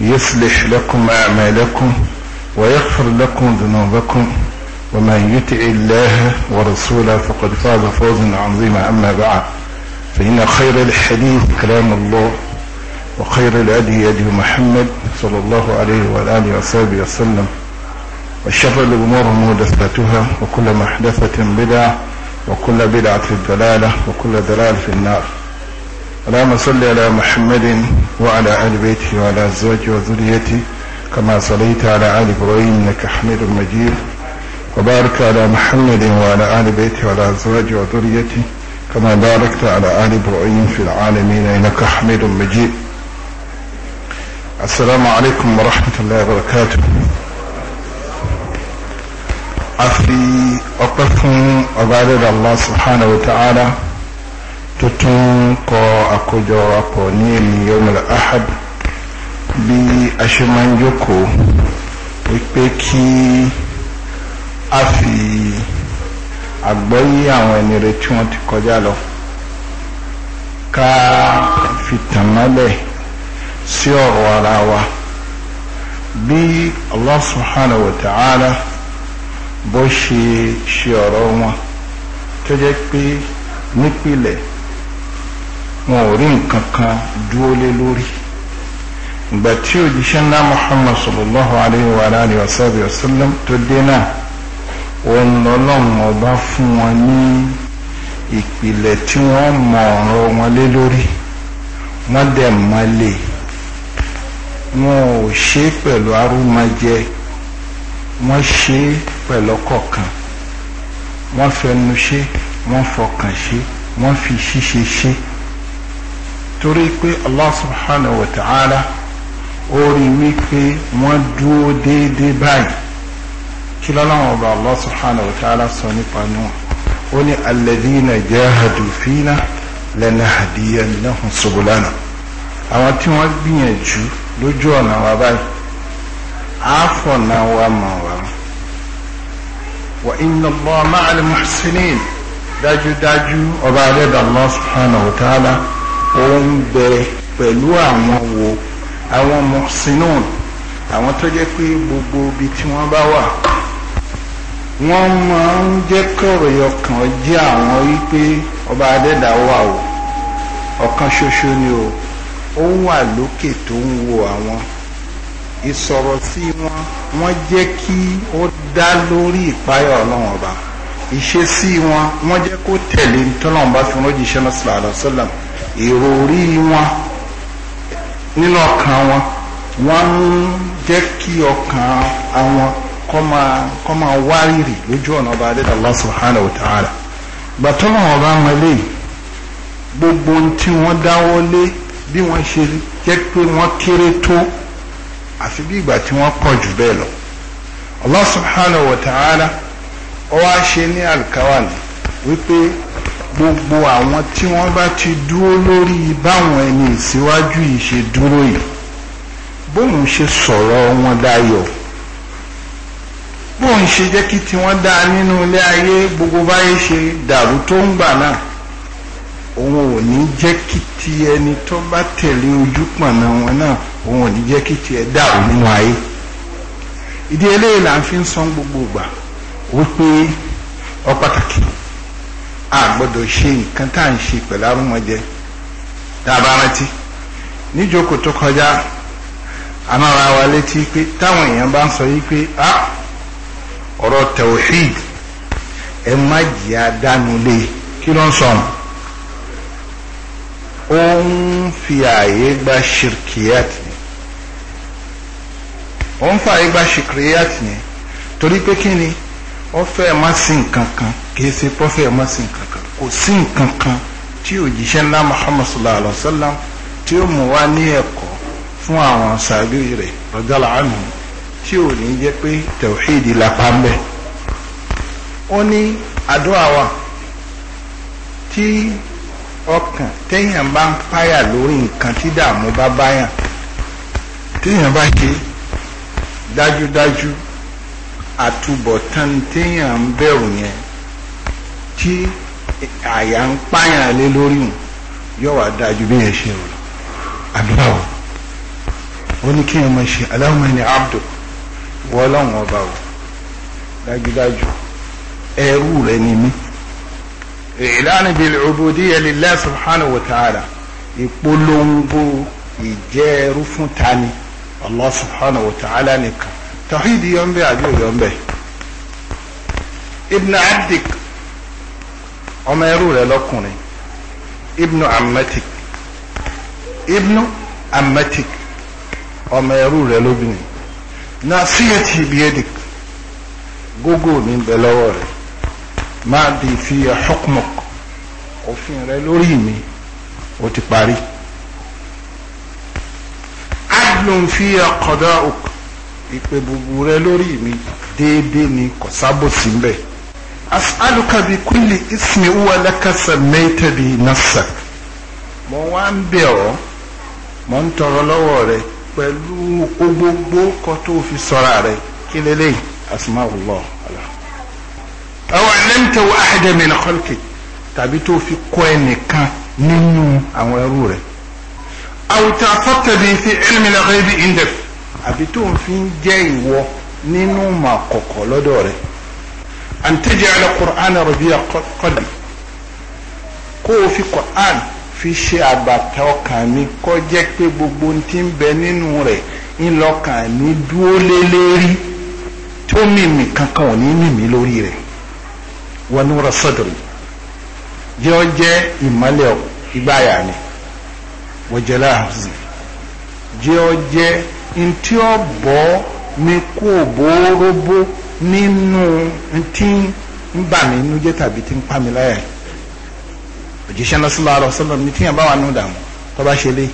يصلح لكم أعمالكم ويغفر لكم ذنوبكم ومن يطع الله ورسوله فقد فاز فوزا عظيما أما بعد فإن خير الحديث كلام الله وخير الهدي هدي محمد صلى الله عليه وآله وصحبه وسلم وشر الأمور محدثاتها وكل محدثة بدعة وكل بدعة ضلالة وكل ضلالة في النار اللهم صل على محمد وعلى آل بيته وعلى أزواجه وذريته كما صليت على آل إبراهيم إنك حميد مجيد وبارك على محمد وعلى آل بيته وعلى أزواجه وذريته كما باركت على آل إبراهيم في العالمين إنك حميد مجيد السلام عليكم ورحمة الله وبركاته أخي أقف عبادة الله سبحانه وتعالى tuntun kọ àkójọ apọ̀ ní èmi yomila ahad bí a ṣe máa ń jókòó wípé kí a fi àgbọ́yé àwọn ẹni rẹ tí wọ́n ti kọjá lọ ká fi tàn mọ́lẹ̀ sí ọ̀rọ̀ ara wa bí Allah subhanahu wa ta'ala bó ṣe ṣe ọ̀rọ̀ wọn tó jẹ́ pé nípìnlẹ̀ wọn ò rí nǹkan kan dúró lé lórí ìgbà tí òjíṣẹ́ ńlá muhammad sallallahu alayhi wa alayhi wa sallam wa sallam tó dé náà òun lọ́lọ́run ọba fún wọn ní ìpìlẹ̀ tí wọ́n mọ ọ̀rọ̀ wọn lé lórí wọ́n dẹ̀ mọ́ lè wọn ò ṣe pẹ̀lú arúmọjẹ wọ́n ṣe pẹ̀lú kọ̀ọ̀kan wọ́n fẹnu ṣe wọ́n fọkàn ṣe wọ́n fi ṣíṣe ṣe. ṣe torí pé Allah subhanahu wa ta'ala ó rí wípé wọ́n dúró déédéé báyìí kí lọ́láwọn ọba Allah subhanahu wa ta'ala sọ nípa níwọ̀n ó ní alladhina jahadu fina lanahdiyannahum subulana àwọn tí wọ́n gbìyànjú lójú ọ̀nà wa báyìí àáfọ̀nà wa mọ̀ wá wa inna Allah ma'al muhsinin dájúdájú ọba adẹ́dàá Allah subhanahu wa ta'ala ó ń bẹ pẹ̀lú àwọn wo àwọn muhsinun àwọn tó jẹ́ pé gbogbo ibi tí wọ́n bá wà wọ́n máa ń jẹ́ kọ̀rọ̀ ọkàn jẹ́ àwọn wípé ọba adẹ́dà wà o ọ̀kan ṣoṣo ni o ó wà lókè tó ń wo àwọn ìsọ̀rọ̀ sí wọn wọ́n jẹ́ kí ó dá lórí ìpáyà ọlọ́run ọba ìṣesí wọn wọ́n jẹ́ kó tẹ̀lé ntọ́lọ́run bá fi wọ́n jíṣẹ́ náà sallallahu alaihi èrò orí wọn nínú ọkàn wọn wọ́n ń jẹ́ kí ọkàn àwọn kọ́ máa wárìrì lójú ọ̀nà ọba adẹ́dàá Allah subhanahu wa ta'ala gbàtọ́nà ọba mọ́lẹ́ gbogbo ohun tí wọ́n dáwọ́ lé bí wọ́n ṣe jẹ́ pé wọ́n kéré tó àfi bí ìgbà tí wọ́n pọ̀ jù bẹ́ẹ̀ lọ Allah subhanahu wa ta'ala ó wá ṣe ní alkawal wípé gbogbo àwọn tí wọ́n bá ti dúró lórí báwọn ẹni ìsíwájú yìí ṣe dúró yìí bóun ṣe sọ̀rọ̀ wọn dayọ̀ bóun ṣe jẹ́ kí tiwọn dá nínú ilé ayé gbogbo báyé ṣe dàrú tó ń gbà náà òun ò ní jẹ́ kí ti ẹni tó bá tẹ̀lé ojú pọ̀nà wọn náà òun ò ní jẹ́ kí ti ẹ dàrú nínú ayé ìdí eléyìí là ń fi ń san gbogbo ìgbà wípé ọ pàtàkì a gbọ́dọ̀ ṣe nǹkan tá à ń ṣe pẹ̀lú arúmọjẹ tá a bá rántí níjókòó tó kọjá a máa ra wa létí pé táwọn èèyàn bá ń sọ yìí pé a ọ̀rọ̀ tawhid ẹ má jìyà dánu lé kí ló ń sọ ọ́n ó ń fi ààyè gba shirkiyat ni ó ń fa ààyè gba shirkiyat ni torí pé kí ni ó fẹ́ má sí nǹkan kan. kan kìí ṣe pọ́fẹ́ ọmọ sí nǹkan kan kò sí nǹkan kan tí òjíṣẹ́ ńlá Muhammad sallallahu alayhi wa sallam tí ó mú wá ní ẹ̀kọ́ fún àwọn sàbí rẹ̀ rọ̀jàlá àánú tí ò ní jẹ́ pé tẹ̀wéèdì lápá ń bẹ̀. ó ní àdúrà wa tí ọkàn téèyàn bá ń páyà lórí nǹkan tí dààmú bá báyàn téèyàn bá ṣe dájúdájú àtúbọ̀tán téèyàn ń bẹ̀rù yẹn tí àyà ń pààyàn lé lórí hùn yóò wá dájú bí yẹn ṣe rò àdúrà o ó ní kí yẹn máa ṣe Allahumma inni abdu wọ́n lọ́wọ́n ọba o dájúdájú ẹrú rẹ ni mí ìlànà bil ubudiyya lillahi subhanahu wa ta'ala ìpolongo ìjẹ́rú fún tani Allah subhanahu wa nìkan tàhídì yọ̀ ń bẹ́ àbí òyọ̀ ń bẹ́ ibn abdik ọmọ ẹrú rẹ lọ́kùnrin ibnu amatik ibnu amatik ọmọ ẹrú rẹ lóbìnrin na fiyeti biyedik gógó mi ń bẹ lọ́wọ́ rẹ máa di fiya hukmuk òfin rẹ lórí mi ó ti parí adlun fiya qada'uk ìpè bùbù rẹ lórí mi déédéé ni kò sábòsí ń bẹ́ẹ̀ as'aluka bi kulli ismi huwa laka sammayta bi nafsak mo wá ń bẹ̀ ọ́ mo ń tọrọ lọ́wọ́ rẹ pẹ̀lú gbogbo kọ tó fi sọ́ra rẹ kí lélẹ́yìn asmaullah ala. àwọn ẹlẹ́mìtẹ́ wo ahada min khalqi tàbí tó fi kọ́ ẹnìkan nínú àwọn ẹrú rẹ. àwùjọ afọ́tẹ̀bí fi ilmi al-ghaybi indak àbí tó fi ń jẹ́ ìwọ nínú màkọ̀kọ̀ lọ́dọ̀ rẹ̀ an taj'ala qur'ana rabi'a qalbi kó o fi qur'an fi ṣe àbàtà ọkàn mi kó jẹ́ pé gbogbo ohun tí ń bẹ nínú rẹ̀ ń lọ́kàn mi dúró lé lérí tó mímì kankan ò ní mímì lórí rẹ̀ wa nura sadri jẹ́ ọ jẹ́ ìmọ́lẹ̀ ìgbáyà mi wa jala ahzi ọ jẹ́ ntí ọ bọ́ mi kó o bó róbó nínú tí ń bà mí inú jẹ́ tàbí tí ń pa mí láyà òjíṣẹ́ náà sallallahu alaihi wasallam ní tíyàn bá wà nù dààmú tó bá ṣe lé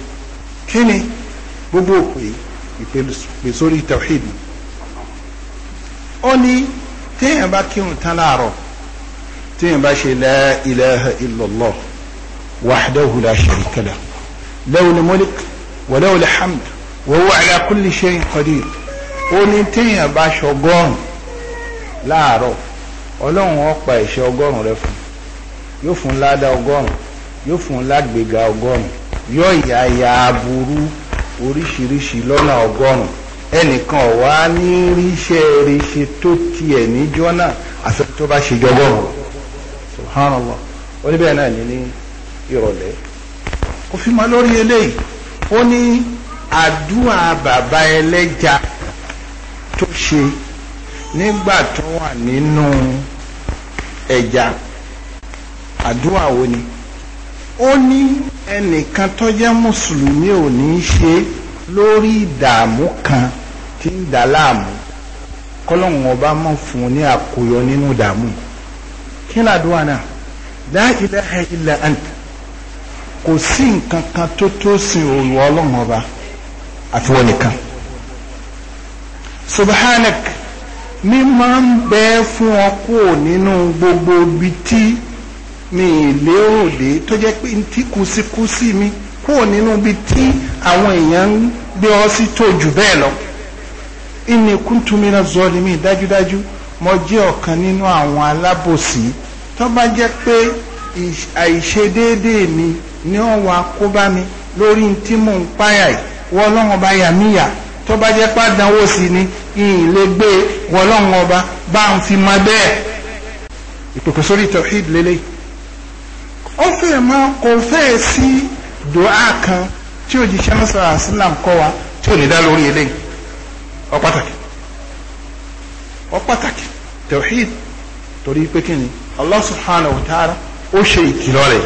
kí ni gbogbo òpè ìpè sórí tawhid ó ní téèyàn bá kírun tán láàárọ̀ téèyàn bá ṣe la ilaha illallah wahdahu la sharika lah lawul mulk wa lawul hamd wa huwa ala kulli shay'in qadir ó ní téèyàn bá ṣọgọ́rùn-ún láàárọ̀ ọlọ́run ó pa ẹ̀ṣẹ̀ ọgọ́rùn rẹ fún yóò fún ládá ọgọ́rùn yóò fún lágbègà ọgọ́rùn yóò yà ya aburú oríṣiríṣi lọ́nà ọgọ́rùn ẹnìkan wá ní ríṣẹ́ ríṣe tó tiẹ̀ níjọ́ náà àfi tó bá ṣe jọgọ́rùn subhanallah oníbẹ̀ náà ní ní ìrọ̀lẹ́ kò fi mọ́ lórí eléyìí ó ní àdúrà bàbá ẹlẹ́ja tó ṣe nígbà tó wà nínú ẹja àdúrà wo ni ó ní ẹnìkan tó jẹ́ mùsùlùmí ò ní í ṣe lórí ìdààmú kan tí ń dà láàmú kọ́lọ́hún ọba máa fún un ní àkóyọ nínú ìdààmú kí ládùúgbò náà la ilaha illa anta kò sí nǹkan kan tó tó sin òòlù ọlọ́run ọba àfiwọ́ nìkan subhanak mímọ́ ń bẹ fún ọ kúrò nínú gbogbo ibi tí mi lérò dé tó jẹ́ pé tí kùsíkùsí mi kúrò nínú ibi tí àwọn èèyàn ń gbé ọ sí tó jù bẹ́ẹ̀ lọ. inni kuntu mina zolimi dájúdájú mo jẹ́ ọ̀kan nínú àwọn alábòsí tó bá jẹ́ pé àìṣedéédéé mi ni ó wá kó bá mi lórí tí mò ń páyà yìí bá yà mí yà. tó bá jẹ́ pàdánwò ni ìyìn lè gbé wọlọ́run ọba bá ń fi máa bẹ́ẹ̀ ìpèpè tawhid lélẹ̀ ó fẹ́ máa kò fẹ́ sí dùá kan tí ó di sẹ́mísọ̀rọ̀ àsìlám kọ́ wa tí ò ní dá lórí eléyìí ó pàtàkì pàtàkì tawhid torí pé kí ni ó ṣe ìkìlọ̀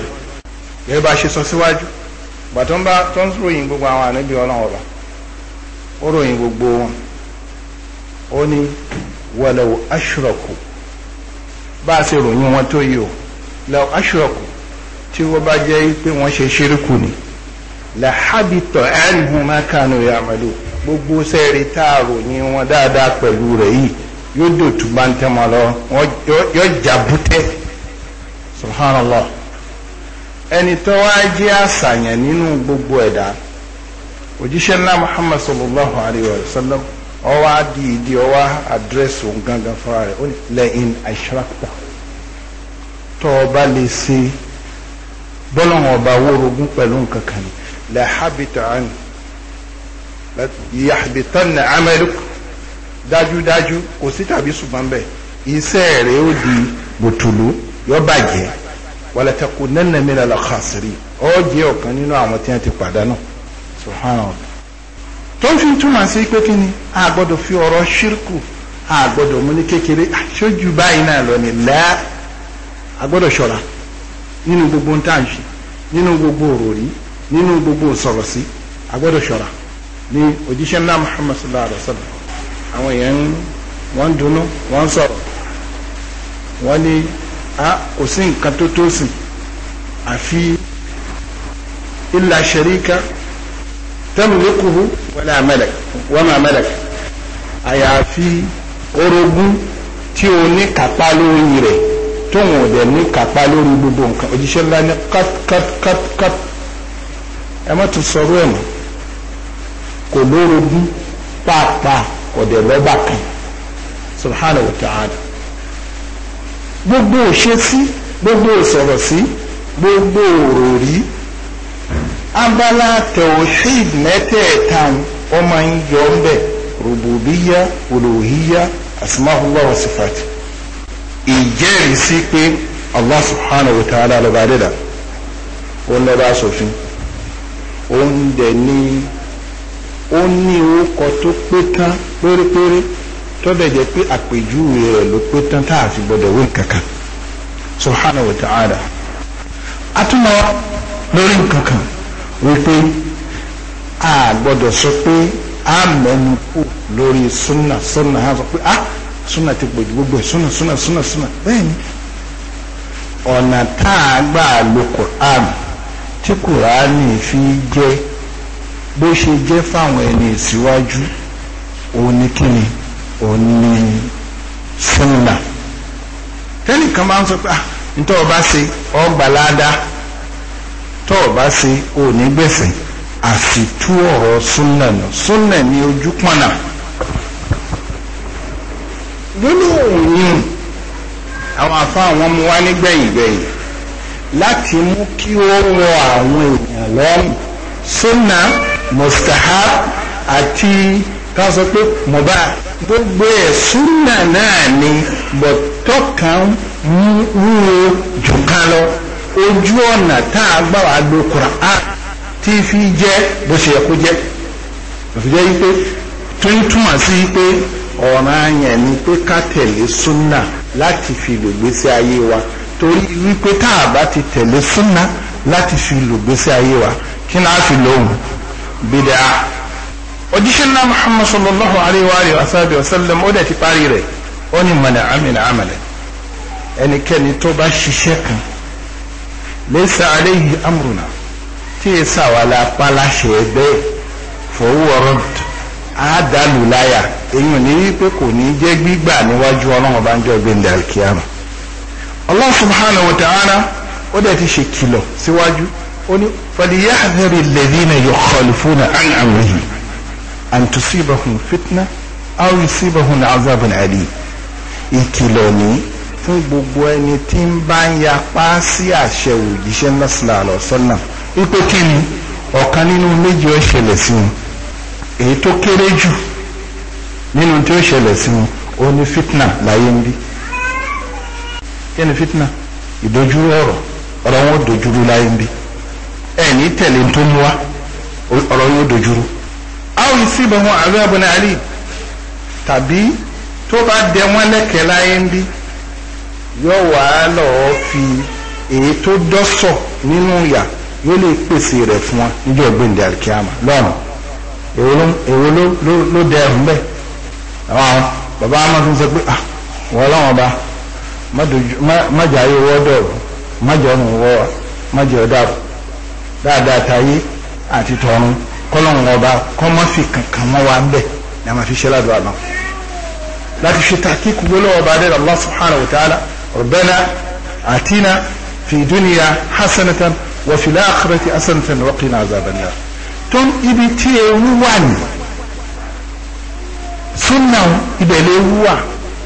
ó ròyìn gbogbo wọn ó ní wàlẹ̀wò aṣọ́rọ̀kù bá a ṣe ròyìn wọn tó yìí o lẹ́wọ̀ aṣọ́rọ̀kù tí wọ́n bá jẹ́ pé wọ́n ṣe ṣírìkù ni làhábìtọ̀ ẹ̀rìhùn mákànú ìyàmẹ́lò gbogbo sẹ́ẹ̀rì tá a ròyìn wọn dáadáa pẹ̀lú rẹ̀ yìí yóò dòtú bá ń tẹ́ wọn jà bútẹ́ subhanallah ẹni tó wá jẹ́ àṣàyàn nínú gbogbo ẹ̀dá. E òjíṣẹ́ ńlá muhammad sallallahu alayhi wa sallam ọwọ́ adi ìdí ọwọ́ àdírẹ́sì òun gangan fúnra rẹ̀ ó ní lẹ́yìn àṣíràpà tó o bá lè ṣe bọ́lọ̀hún ọba wórogún pẹ̀lú nǹkan kan ní lẹ́hàbìtà ànì yàbìtà ní amẹ́lùkù dájúdájú kò sí tàbí ṣùgbọ́n bẹ́ẹ̀ iṣẹ́ rẹ̀ ó di bòtùlù yọ bàjẹ́ wàlẹ̀tẹ̀kù nẹ́nẹ̀mí lọ́la kàṣírí ó jẹ́ ọ̀kan nínú àwọn tí wọ́n ti pàdánù subhanallah tó fi túmọ̀ sí pé kí ni a gbọ́dọ̀ fi ọ̀rọ̀ ṣírkù a gbọ́dọ̀ mú ní kékeré àṣojú báyìí náà lọ ní lẹ́à a gbọ́dọ̀ ṣọ́ra nínú gbogbo ń tàn ṣe nínú gbogbo òròrí nínú gbogbo sọ̀rọ̀ sí a gbọ́dọ̀ ṣọ́ra ní òjíṣẹ́ ńlá Muhammad sallallahu alaihi wa sallam àwọn èèyàn wọ́n dunnú wọ́n sọ̀rọ̀ wọ́n ní a kò sí nǹkan tó tó sìn àfi illa sharika tẹ́mùlékùhù wọlé àmẹ́lẹ̀k wọ́n àmẹ́lẹ̀k àyàfi orogún tí o ní kápá lórí rẹ̀ tóun ò dẹ̀ ní kápá lórí gbogbo nǹkan òjíṣẹ́ ńlá ní káp káp káp káp ẹ má tún sọ̀rọ̀ ẹ̀ mọ́ kò lórogún pàápàá gbogbo òṣèṣí gbogbo ìsọ̀rọ̀ gbogbo òròrí abala tawhid mẹ́tẹ̀ẹ̀ta wọ́n máa ń yọ ń bẹ̀ rububiya uluhiya asmahullah wa sifat ìjẹ́rìísí pé allah subhanahu wa ta'ala lọ́ba dẹ́dà òun lọ́ba sòfin òun dẹ̀ ní ó ní orúkọ tó pé tán pérépéré tọ́bẹ̀ jẹ́ pé àpèjúwe rẹ̀ ló pé tán tá a fi gbọ́dọ̀ wé kankan subhanahu wa ta'ala atúmọ̀ lórí nǹkan wípé a gbọ́dọ̀ sọ pé a mẹ́nu kù lórí súnà súnà a sọ pé a ah, súnà ti gbogbo ẹ̀ súnà súnà súnà súnà bẹ́ẹ̀ ọ̀nà tá a gbà lo Qur'an tí Qur'an fi jẹ́ bó ṣe jẹ́ fáwọn ẹni súnà tẹ́nìkan máa ń sọ pé ọba ah, ṣe ọgbà ládàá. tó o bá ṣe o ní gbèsè àfi tú ọ̀rọ̀ súnà nù súnà ní ojú pọ̀nà gbólóhùn yìí àwọn afá àwọn mú wá nígbẹ̀yìngbẹ̀yìn láti mú kí ó wọ àwọn èèyàn lọ́rùn súnà mustahab àti ká sọ pé mọ̀bá gbogbo ẹ̀ súnà náà ni bọ̀tọ́ kan wúwo jù kan lọ ojú ọ̀nà tá a gbà wá lo Qur'an tí fi jẹ́ bó ṣe yẹ kó jẹ́ òfìjẹ́ yí pé tó ń túmọ̀ sí pé ọ̀ràn yẹn ni pé ká tẹ̀lé súnà láti fi lògbésí ayé wa torí wípé tá a bá ti tẹ̀lé súnà láti fi lògbésí ayé wa kí náà fi lóhùn bídà ojúṣe ńlá Muhammad sallallahu alayhi wa sallam wa sallam ó dẹ̀ ti parí rẹ̀ ó ní mọ̀nà àmì ní ẹnikẹ́ni tó bá ṣiṣẹ́ kan lẹ́sà aléyìí amúrùnà tí ì sàwálà paláṣẹ ẹgbẹ́ fọwọ́rọ́ àádàlù láyà èyàn ní wípé kò ní jẹ́ gbígbà níwájú ọlọ́run bá ń jọ gbẹ̀ndẹ̀ àkíyàmù Allah subhanahu wa ta'ala ó dẹ̀ ti ṣe kìlọ̀ síwájú ó ní falyahdhar alladhina yukhalifuna an amrihi an tusibahum fitna aw yusibahum azabun alim ìkìlọ̀ nìyí fún gbogbo ẹni tí ń bá ń yapá sí àṣẹ òjíṣẹ́ náà sílẹ̀ àlọ́sọ́nà wípé kí ni ọ̀kan nínú méjì ó ṣẹlẹ̀ sí wọn èyí tó kéré jù nínú tí ó ṣẹlẹ̀ sí wọn ó ní fitna láyé ń bí kí ni fitna ìdojúrú ọ̀rọ̀ ọ̀rọ̀ wọn ò dojúrú láyé ń bí yóò wá lọ́ọ́ fi èyí tó dọ́sọ̀ nínú ìyà yóò lè pèsè rẹ̀ fún wọn níjọ́ gbẹ̀ǹdẹ̀ alikiyama lọ́rùn èwo ló dẹ ẹ̀hún bẹ́ẹ̀ àwọn bàbá àmọ́ tó ń sọ pé ah wọ́n lọ́wọ́n bá májà ayé wọ́ dọ̀rọ̀ májà ọ̀run wọ́ májà ọ̀dà dáadáa táyé àti tọ̀run kọ́lọ́hún ọba kọ́mọ́sì kankan mọ́ wa bẹ́ẹ̀ ni a máa fi ṣe ládùúgbò àná láti ṣe tàkíkù gbólóhùn ọba adé Allah subhanahu wa ta'ala. ربنا آتنا في دنيا حسنة وفي الآخرة حسنة وقنا عذاب النار تون إبي تيو وان súnà ìbẹ̀lẹ̀ wúwà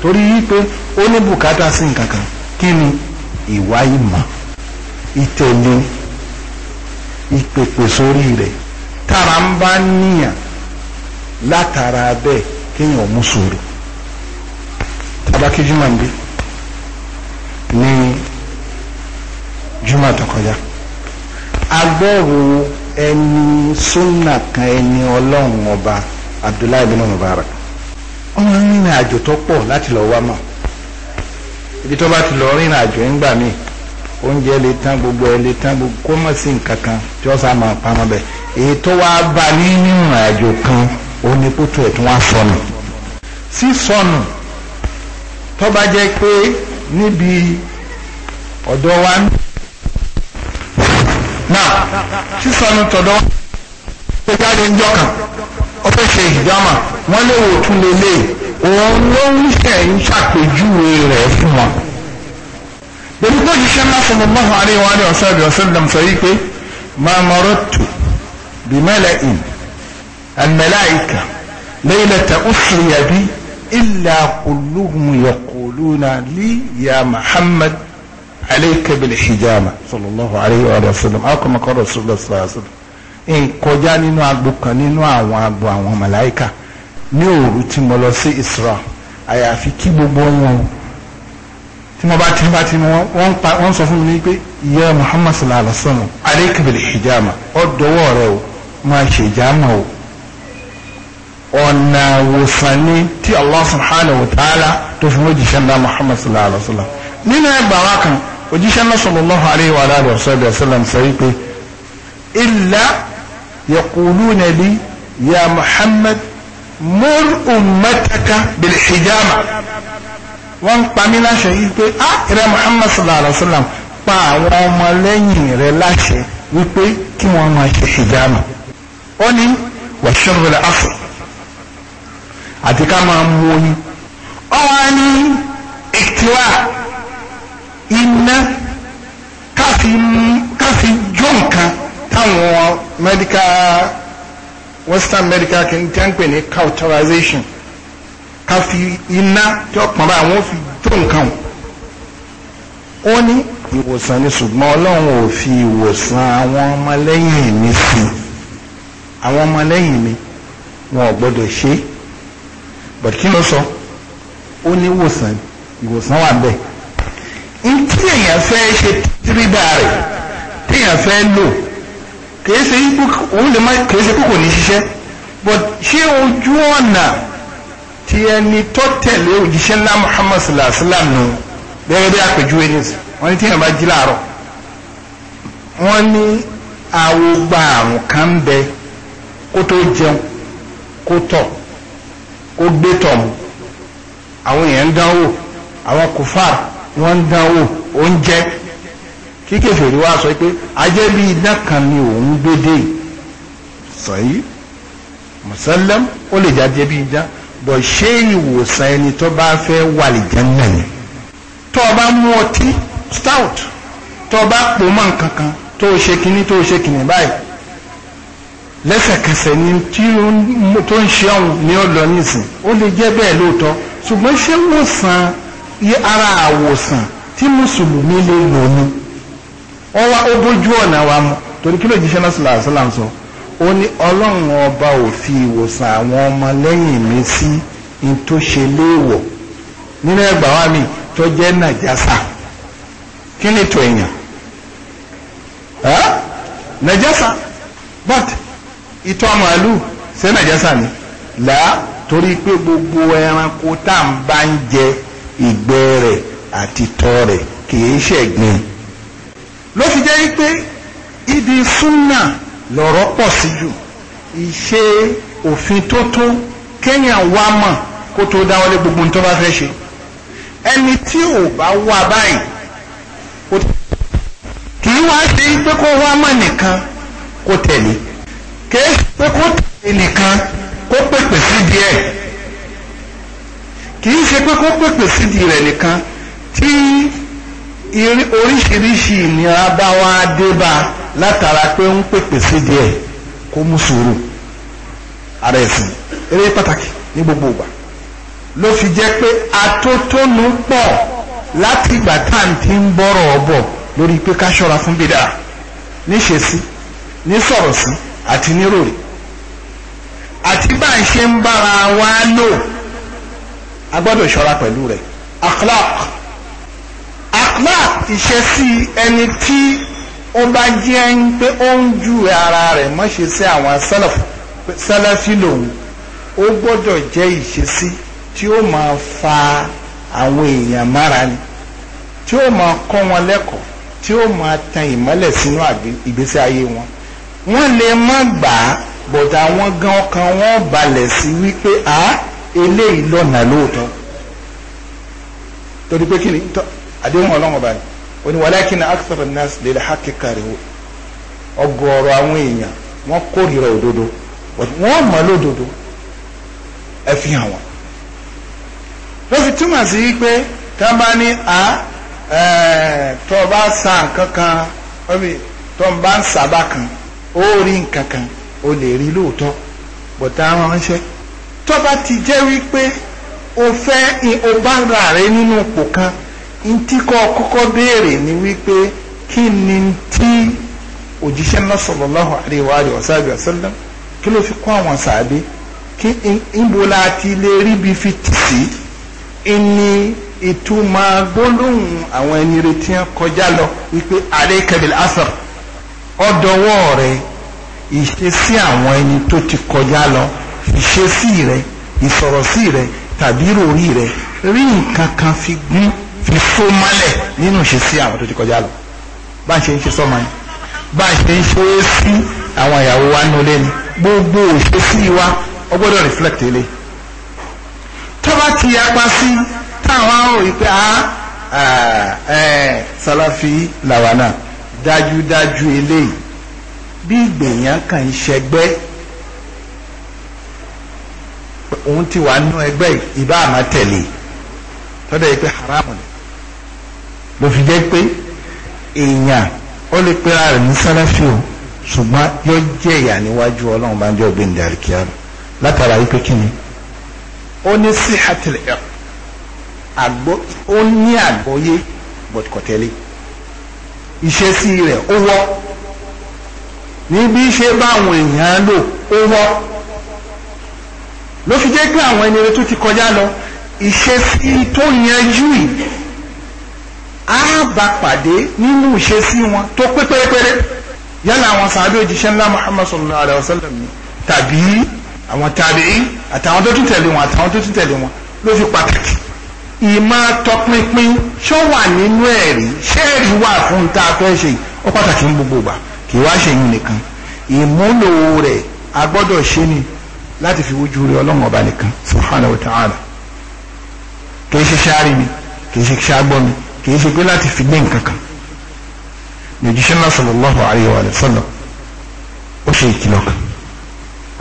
torí wípé ó ní bùkátà sí nǹkankan kí ni ìwà ìmọ̀ ìtẹ̀lé ìpèpè sórí rẹ̀ tára ń bá níyàn látara bẹ́ẹ̀ kéèyàn mú sùúrù tabakíjú máa ń gbé ní juma tó kọjá agbẹ́rù ẹni súnà kan ẹni ọlọ́run ọba abdullahi bin mubarak wọ́n máa ń rìnrìn àjò tó pọ̀ láti lọ wá mọ̀ ibi tó bá ti lọ rìnrìn àjò ńgbà míì oúnjẹ lè tán gbogbo ẹ lè tán gbogbo kó mọ̀ sí nǹkan kan tí wọ́n sá máa pamọ́ bẹ́ẹ̀ èyí tó wá bá ní nínú àjò kan òun ni kótó ẹ̀ tí wọ́n á sọnù sísọnù tó bá jẹ́ pé níbi ọ̀dọ̀ wa ń náà sísọnù tọ̀dọ̀ ṣe jáde ń jọkàn ó fẹ́ ṣe ìjọmọ̀ wọ́n lè wò tún lélẹ̀ òun ló ń ṣe ń ṣàpèjúwe rẹ̀ fún wọn. Bẹ̀rù pé òṣìṣẹ́ náà fún bọ́ọ̀ àárín wa ní ọ̀sẹ̀ ìbí ọ̀sẹ̀ ìdàm sọ yí pé máa mọ̀rọ̀ tù bí mẹ́lẹ̀ ìn àmẹ́láìkà lẹ́yìn lẹ́tà ó sì yàbí ìlà kùlùmù yẹ̀kù yaquluna li ya muhammad alayka bil hijama sallallahu alayhi wa sallam akọmọ kọ rasulullah sallallahu alayhi wa sallam nkọjá nínú agbo kan nínú àwọn agbo àwọn màláìka ní òru tí mo lọ sí isra àyàfi kí gbogbo wọn tí mo bá tí bá tí wọn pa wọn sọ fún mi ní pé ya muhammad sallallahu alayhi wa sallam alayka bil hijama ọdọwọ rẹ o máa ṣe ìjàmà o ọ̀nà àwòsàn ni tí allah subhanahu wa ta'ala tó fi mú òjíṣẹ́ ńlá muhammad sallallahu alayhi wa sallam nínú ẹgbà wa kan òjíṣẹ́ ńlá sallallahu alayhi wa alihi wa sallam sọ wípé illa yaquluna li ya muhammad mur ummataka bil hijama wọ́n ń pa mí láṣẹ wípé a rẹ muhammad sallallahu alayhi wa sallam pa àwọn ọmọ lẹ́yìn rẹ̀ láṣẹ wípé kí wọ́n máa ṣe hijama ó ní wàṣẹ́rù rẹ̀ afọ àti ká máa mú oyin ọwọ́ ní ìtìwá iná káfí jó nǹkan táwọn medical western medical kì í tẹ́ ń pè ní cauterization káfí iná tí ó pọ̀nba àwọn fi jó nǹkan ó ní ìwòsàn ni ṣùgbọ́n ọlọ́run ò fi ìwòsàn àwọn ọmọlẹ́yìn mi sí àwọn ọmọlẹ́yìn mi wọn ò gbọ́dọ̀ ṣe é but kí ló sọ. So? ó ní ìwòsàn ìwòsàn wà bẹ́ẹ̀ ntí èèyàn fẹ́ ṣe tírídà rẹ̀ téèyàn fẹ́ lò kìí ṣe òun lè má kìí ṣe kókò ní ṣiṣẹ́ but ṣé ojú ọ̀nà tí ẹni tó tẹ̀lé òjíṣẹ́ ńlá Muhammad sallallahu sallam nù gẹ́gẹ́ bí àpèjúwe ní sùn wọ́n ní téèyàn bá jí láàárọ̀ wọ́n ní awogba àrùn kan ń bẹ kó tó jẹun kó tọ̀ kó gbé tọ̀ mu àwọn èèyàn ń dánwò àwọn kùfàr wọ́n ń dánwò oúnjẹ kí kèfèrí wá sọ pé ajẹ́ bí iná kan ni òun gbé dé sọ̀yí mùsálẹ́m ó lè jáde bí iná bọ̀ ṣé ìwòsàn ẹni tó bá fẹ́ wà lè jẹ́ náà yẹn tó o bá mú ọtí stout tó o bá pò mọ́ nǹkan kan tó o ṣe kinní tó o ṣe kinní báyìí lẹ́sẹ̀kẹsẹ̀ ni tí ó ń ṣe ọ̀hún ni ó nísìn ó lè jẹ́ bẹ́ẹ̀ lóòótọ́ ṣùgbọ́n ṣé wòsàn yí ara àwòsàn tí mùsùlùmí lè lò ní wọ́n wá ó bójú ọ̀nà wa mu torí kí ló jíṣẹ́ náà sọ̀rọ̀ àṣìlá ń sọ ó ní ọlọ́run ọba ò fi ìwòsàn àwọn ọmọ lẹ́yìn mi sí ní tó ṣe léèwọ̀ nínú ẹgbà wa mi tó jẹ́ nàjásà kí ni tó èèyàn nàjásà but ìtọ̀ màálù ṣé nàjásà ni làá torí pé gbogbo ẹranko tá à ń bá ń jẹ ìgbẹ́ rẹ̀ àti tọ́ rẹ̀ kìí ṣẹ̀gbìn ló fi jẹ́ pé ibi súnà lọ̀rọ̀ pọ̀ sí jù ìṣe òfin tó tó kéèyàn wá mọ̀ kó tó dáwọ́lé gbogbo tó bá fẹ́ ṣe ẹni tí ò bá wà báyìí kìí wá sí pé kó wá mọ̀ nìkan kó tẹ̀lé kìí pé kó tẹ̀lé nìkan kó pèpè sídìí ẹ̀ kì í ṣe pé kó pèpè sídìí rẹ̀ nìkan tí oríṣiríṣi ìnira bá wá dé bá látara pé ń pèpè sídìí ẹ̀ kó mú sùúrù ara ẹ̀sìn eré pàtàkì ní gbogbo ìgbà ló fi jẹ́ pé atótónu pọ̀ láti ìgbà tá à ń ti ń bọ̀rọ̀ ọ̀bọ̀ lórí pé ká ṣọ́ra fún bídà níṣe sí ní sọ̀rọ̀ sí àti nírò rèé àti bá ń ṣe ń bára wa lò a gbọ́dọ̀ ṣọ́ra pẹ̀lú rẹ̀ akhlaq akhlaq ìṣesí ẹni tí ó bá jẹ́ ń pé ó ń ju ara rẹ̀ mọ́ṣe sí àwọn sẹ́lẹ̀fì lòun ó gbọ́dọ̀ jẹ́ ìṣesí tí ó máa fa àwọn èèyàn mára ni tí ó máa kọ́ wọn lẹ́kọ̀ọ́ tí ó máa tan ìmọ́lẹ̀ sínú ìgbésí ayé wọn wọ́n lè má gbàá bọ̀dà àwọn gan ọkàn wọn balẹ̀ sí a eléyìí lọ́nà lóòótọ́ torí pé kí ni àdéhùn ọlọ́run ọba ni ó ní walakin akthara an-nas lil haqqi karihun ọ̀gọ̀ọ̀rọ̀ àwọn èèyàn wọ́n kórìíra òdodo wọ́n mọ̀ lódodo ẹ fi hàn wọ́n túmọ̀ a bá ní a eh, tó o bá o lè rí lóòótọ́ bọ̀tá ránṣẹ́ tó bá ti jẹ́ wípé o fẹ́ o bá ra rẹ nínú ipò kan ntí kọ́ kọ́kọ́ béèrè ni wípé kí ni tí òjíṣẹ́ ńlá sallallahu alaihi wa alihi wa sallam kí ló fi kọ́ àwọn sàbí kí ìbò la ti lè rí bí fi tì sí ìní ìtumọ̀ gbólóhùn àwọn ẹni retí kọjá lọ wípé alayka bil asr rẹ̀ ìṣesí àwọn ẹni tó ti kọjá lọ ìṣesí rẹ ìsọ̀rọ̀sí rẹ tàbí ròrí rẹ rí nǹkan kan fi gún fi so mọ́lẹ̀ nínú ìṣesí àwọn tó ti kọjá lọ bá a ṣe ń ṣe sọ́mọ ni bá a ṣe ń ṣe é sí àwọn ìyàwó wa nínú ilé gbogbo ìṣesí wa ó gbọ́dọ̀ reflect ilé tó ti yapa sí táwọn á rò pé a salafi làwọn náà dájúdájú eléyìí bí ìgbèyàn kan ṣẹgbẹ́ òun ti wà nínú ẹgbẹ́ ìbá àmà tẹ̀lé tọ́dọ̀ yìí pé haramu ni ló fi jẹ́ pé èèyàn ó lè pera rẹ̀ ní sálàfí o ṣùgbọ́n yóò jẹ́ ìyà níwájú ọlọ́run bá ń jẹ́ ògbé ìdàrí kíára látara wípé kí ni ó ní sí àtìlẹ́yà àgbọ́ ó ní àgbọ́yé bọ̀tìkọ̀tẹ́lé ìṣesí rẹ̀ ó wọ́ níbi ṣe báwọn èèyàn lò ó wọ́ ló fi jẹ́ pé àwọn ẹni tó ti kọjá lọ ìṣesí tó yanjú yìí á bá pàdé nínú ìṣesí wọn tó pé pérépéré yálà àwọn sàbí òjíṣẹ́ ńlá Muhammad sallallahu alayhi wa sallam ni tàbí àwọn tàbí àtàwọn tó tún tẹ̀lé wọn àtàwọn tó tún tẹ̀lé wọn ló fi pàtàkì ìmọ̀ tọpinpin ṣó wà nínú ẹ̀rí ṣẹ́ẹ̀rí wà fún tá a fẹ́ ṣe ó pàtàkì ní gbogbo ìgbà kì í wá ṣèyìn nìkan ìmúlò rẹ̀ a gbọ́dọ̀ ṣe ni láti fi wójú rẹ̀ ọlọ́run ọba nìkan subhanahu wa ta'ala kì í ṣe ṣáàrì mi kì í ṣe ṣáàgbọ́ mi kì í ṣe pé láti fi gbé nǹkan kan lójúṣẹ́ náà sallallahu alayhi wa sallam ó ṣe ìkìlọ̀ kan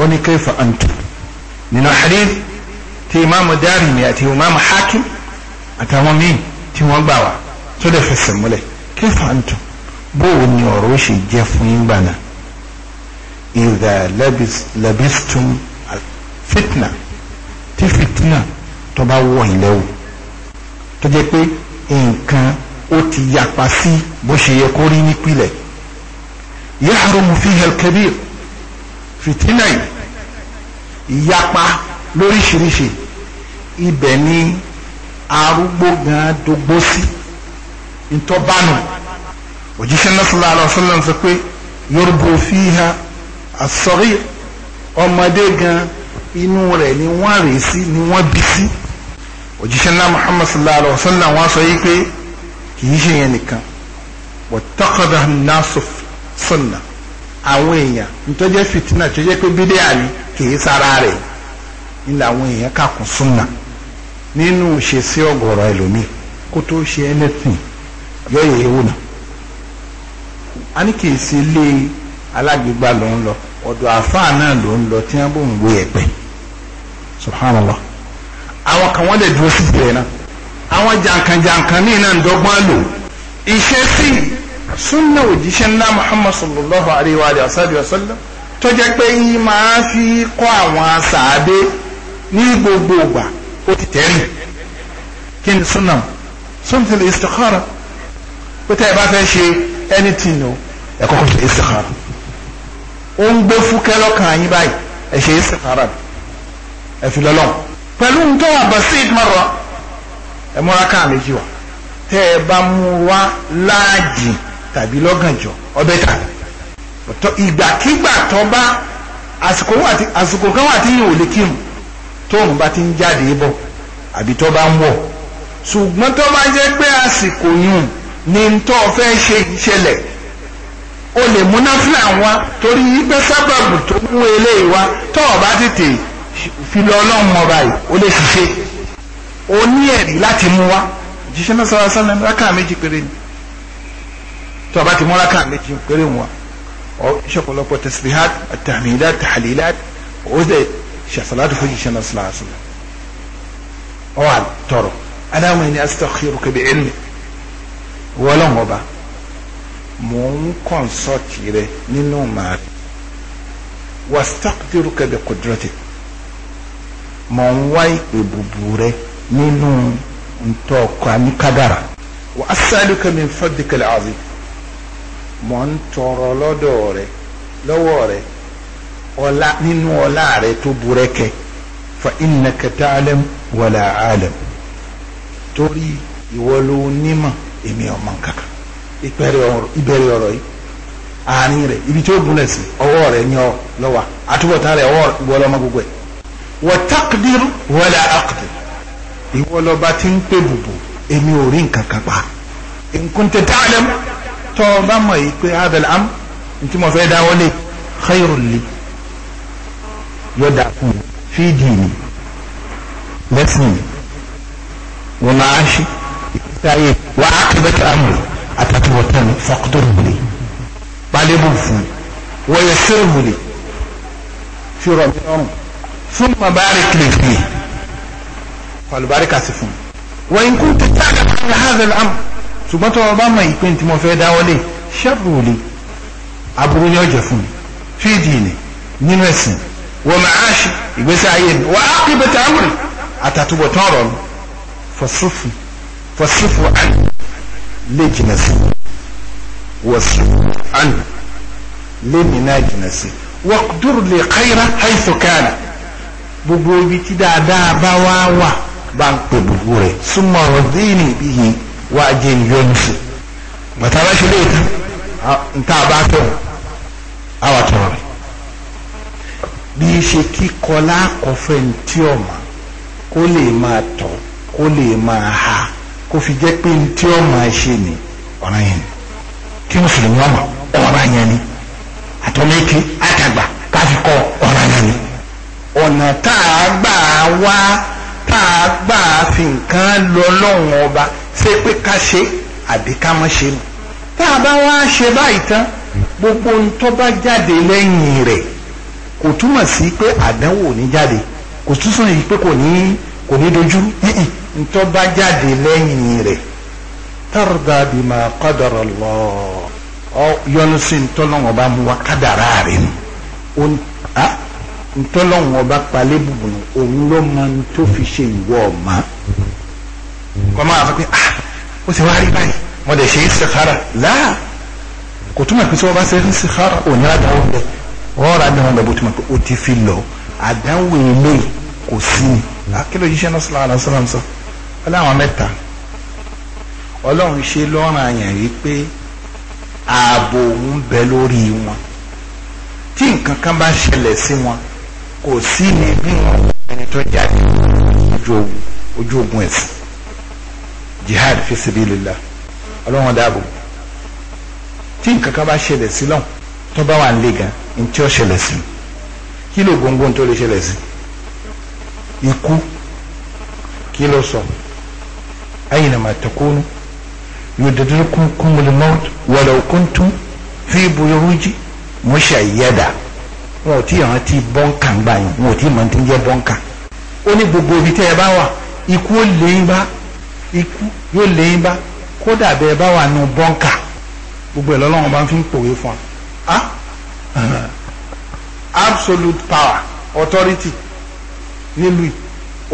ó ní kayfa antum nínú hadith tí ìmáàmù Dárìmí àti ìmáàmù Hakim àtàwọn míì tí wọ́n gbà wá tó dẹ̀ fẹsẹ̀ múlẹ̀ kayfa antum bóò ni ọ̀rọ̀ ṣe jẹ́ fún yín gbàna ìdá labistum fitna tí fitna tó bá wọ̀ yín lẹ́wọ̀ tó jẹ́ pé nǹkan ó ti yapa sí bó ṣe yẹ kó rí nípìlẹ̀ yahrumu fiha al-kabir fitina yìí ìyapa lóríṣiríṣi ibẹ̀ ni arúgbó gan dogbo sí ntọ́bánu. òjíṣẹ́ náà sallallahu alaihi wasallam sọ pé yorùbá fiha as-saghir ọmọdé gan inú rẹ̀ ni wọ́n rè sí ni wọ́n bí sí òjíṣẹ́ náà muhammad sallallahu alaihi wasallam wọ́n sọ yìí pé kì í ṣe yẹn nìkan nasu sunna àwọn èèyàn nítọ́jẹ́ fìtínà tó jẹ́ pé anything ewu a ní kì í ṣe ilé alágbègbà ló ń lọ ọ̀dọ̀ àfáà náà ló ń lọ tí wọ́n bò ń wé ẹ̀pẹ́ subhanallah àwọn kan wọ́n lè dúró sí ìbẹ̀rẹ̀ náà àwọn jàǹkànjàǹkàn míì náà ń dọ́gbọ́n lò iṣẹ́ sí súnà òjíṣẹ́ ńlá muhammad sallallahu alayhi wa sallam tó jẹ́ pé yín máa fi kọ́ àwọn asàádé ní gbogbo ìgbà ó ti tẹ́lẹ̀ kí ni súnà súnà ti lè istikhara pé ẹ bá fẹ́ ṣe anything o ẹ kọ́kọ́ ṣe istikhara ó ń gbé fúkẹ́ lọ́kàn yín báyìí ẹ ṣe istikhara ẹ fi lọ́lọ́ pẹ̀lú ń tọ́ àbọ̀síd mọ́rọ̀ ẹ múra káà méjì wá tẹ́ ẹ bá mú wá láàjì tàbí lọ́gànjọ́ ọbẹ̀ tà ìgbàkigbà tó bá àsìkò kan wà tí yìí ò lè kí mu tóun bá ti ń jáde bọ̀ àbí tó bá ń wọ̀ ṣùgbọ́n tó bá jẹ́ pé àsìkò yìí ní ntọ́ fẹ́ ṣe ìṣẹ̀lẹ̀ o lè múná fúlà wá torí pé sábàbù tó mú eléyìí wá tọ́ ọ bá tètè fi lọ ọlọ́run ọba yìí o lè ṣiṣẹ́ o ní ẹ̀rí láti mú wá jíṣẹ́ náà sọ́ra sọ́ra rákà méjì péré ni tọ́ ọ bá ti mú rákà méjì péré wọn ọ ṣọ̀pọ̀lọpọ̀ tẹ̀sílíhàt àtàmìlát tàlílát ó dẹ̀ ṣàṣàlátù fún jíṣẹ́ náà sọ́ra sọ́ra ọ wà tọrọ aláwọ̀ ẹni astaghfiruka bi ilmi wọ́lọ́hún ọba mò ń kọ́nsọ́ọ̀tì rẹ nínú màá rẹ wàsítákùtìrú kẹbẹ kọdúrọ́tì mò ń wá ìpè bùbù rẹ nínú ntọ́ ọkọ àníkádàrà wà á sáré kẹmi fọdíkẹlẹ àzí mò ń tọrọ lọ́dọ̀ rẹ lọ́wọ́ rẹ ọlá nínú ọlá rẹ tó burẹ́kẹ fa innaka ta'lam wala alam torí ìwọ ló èmi ọmọ kankan ìbẹ̀rẹ̀ ọ̀rọ̀ yìí àárín rẹ̀ ibi tí ó gúnlẹ̀ sí ọwọ́ rẹ̀ ní ọ lọ́wà àtúbọ̀tán rẹ̀ ọwọ́ ìwọ lọ́mọ gbogbo ẹ̀ wọ́n taqdir wala aqdir ìwọ lọ́ba tí ń pè bùbù èmi ò rí nǹkan kan pa in kunta ta'lam tọ́ ọ bá mọ̀ yìí pé abel am tí mo fẹ́ dáwọ́ lé khayrun li yọ̀dà fún fídìí lẹ́sìn wọ́n máa ń ṣe táyé wà á kí bẹ́tẹ̀ amú àtàtì wọ̀tẹ́n fọ́kútọ́rù wùlé balẹ̀bù fún wọ́yẹ sẹ́rù wùlé fúrọ̀ mi lọ́rùn fún ma báyìí kìlẹ̀ fún yìí falùbárí kà sí fún wọ́n yín kún ti tá a dàgbà ní hazel am ṣùgbọ́n tó o bá mọ ìpín tí mo fẹ́ dáwọ́lé sẹ́rù wùlé aburú ni ọjọ́ fún mi fídíì ni nínú ẹ̀sìn wọ́n máa ṣe ìgbésí ayé mi wọ́n á kí bẹ́tẹ̀ amú àtàtì wọ̀tẹ́n ọ̀rọ̀ mi fọ́sùfù wasifu an lè jìnà sí wasifu an lè nìna jìnà sí waqdur lè khayra haythu kana gbogbo ibi tí dáadáa bá wá wà bá ń pè gbogbo rẹ̀ súnmọ́ rọ̀dínì bíi wá jẹ́ ìyọnu sí bàtà bá ṣe lè tán nta bá tọ̀ àwọn tọ̀rọ̀ bí í ṣe kíkọ lákọ̀ọ́fẹ́ ní tí ọ̀ma kó lè máa tọ̀ kó lè máa ha kó fi jẹ́ pé ní tí ó máa ṣe ni ọ̀ràn yẹn ni kí mùsùlùmí ọmọ ọ̀ràn yẹn ni àtọ́lẹ́kẹ́ àtàgbà káfí kọ́ ọ̀ràn yẹn ni. ọ̀nà tá a gbà wá tá a gbà fi nǹkan lọ lọ́wọ́n ọba ṣé pé ká ṣe àbí ká má ṣe ni. tá a bá wá ṣe báyìí tán gbogbo ohun tó bá jáde lẹ́yìn rẹ̀ kò túmọ̀ sí pé àdánwò ní jáde kò túmọ̀ sí pé kò ní kò ní dojú ntọ́ bá jáde lẹ́yìn rẹ̀ tọ́rọ̀dà bímọ kọ́dọ̀rọ̀ lọ ọ yọnu sí ntọ́lọ́wọ́n bá mú wa kádàrá rẹ̀ nù ntọ́lọ́wọ́n bá palẹ́ bùbùnù òun ló mọ tó fi ṣe ìwọ ọ̀ma kọ́ máa fọ pé ah ó ti wá rí báyìí mo dẹ̀ ṣe é sèkára láà kò túmọ̀ pé sọ́wọ́ bá ṣe é sèkára òní àdáwọ̀ bẹ̀ wọ́n àdáwọ̀ bẹ̀ bó túmọ̀ pé ó ti fi lọ àdáwọ̀ èlé kò sí ni akílò yìí ṣe náà sọ̀rọ̀ àlọ́ sọ́lá sọ́ọ́ ọláwọn mẹ́ta ọlọ́run ṣe lọ́rùn àyàn yìí pé ààbò òun bẹ lórí wọn tí nǹkan kan bá ṣẹlẹ̀ sí wọn kò sí ní bí wọn ẹni tó jáde ojú ogun ẹ̀sìn jihad fi sabilillah ọlọ́run dáàbò tí nǹkan kan bá ṣẹlẹ̀ sí lọ́hùn tó bá wà ń lé gan ní tí ó ṣẹlẹ̀ sí kí ló gbóngbó tó lè ṣẹlẹ̀ sí ikú kí ló sọ. So? أينما تكونوا يدرككم الموت ولو كنتم في بيوج مشيدة wọn ò tí ì rántí bọ́ǹkà ń gbà yín wọn ò tí ì rántí jẹ́ bọ́ǹkà ó ní gbogbo ibi tẹ́ ẹ bá wà ikú ó lé yín bá ikú yóò lé yín bá kódà bẹ́ ẹ bá wà nù bọ́ǹkà gbogbo ẹ̀ lọ́lọ́run bá ń fi ń pòwe fún wa absolute power authority nílùú